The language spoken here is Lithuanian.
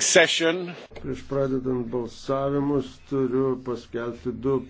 Session, Prieš pradedant balsavimus turiu paskelbti du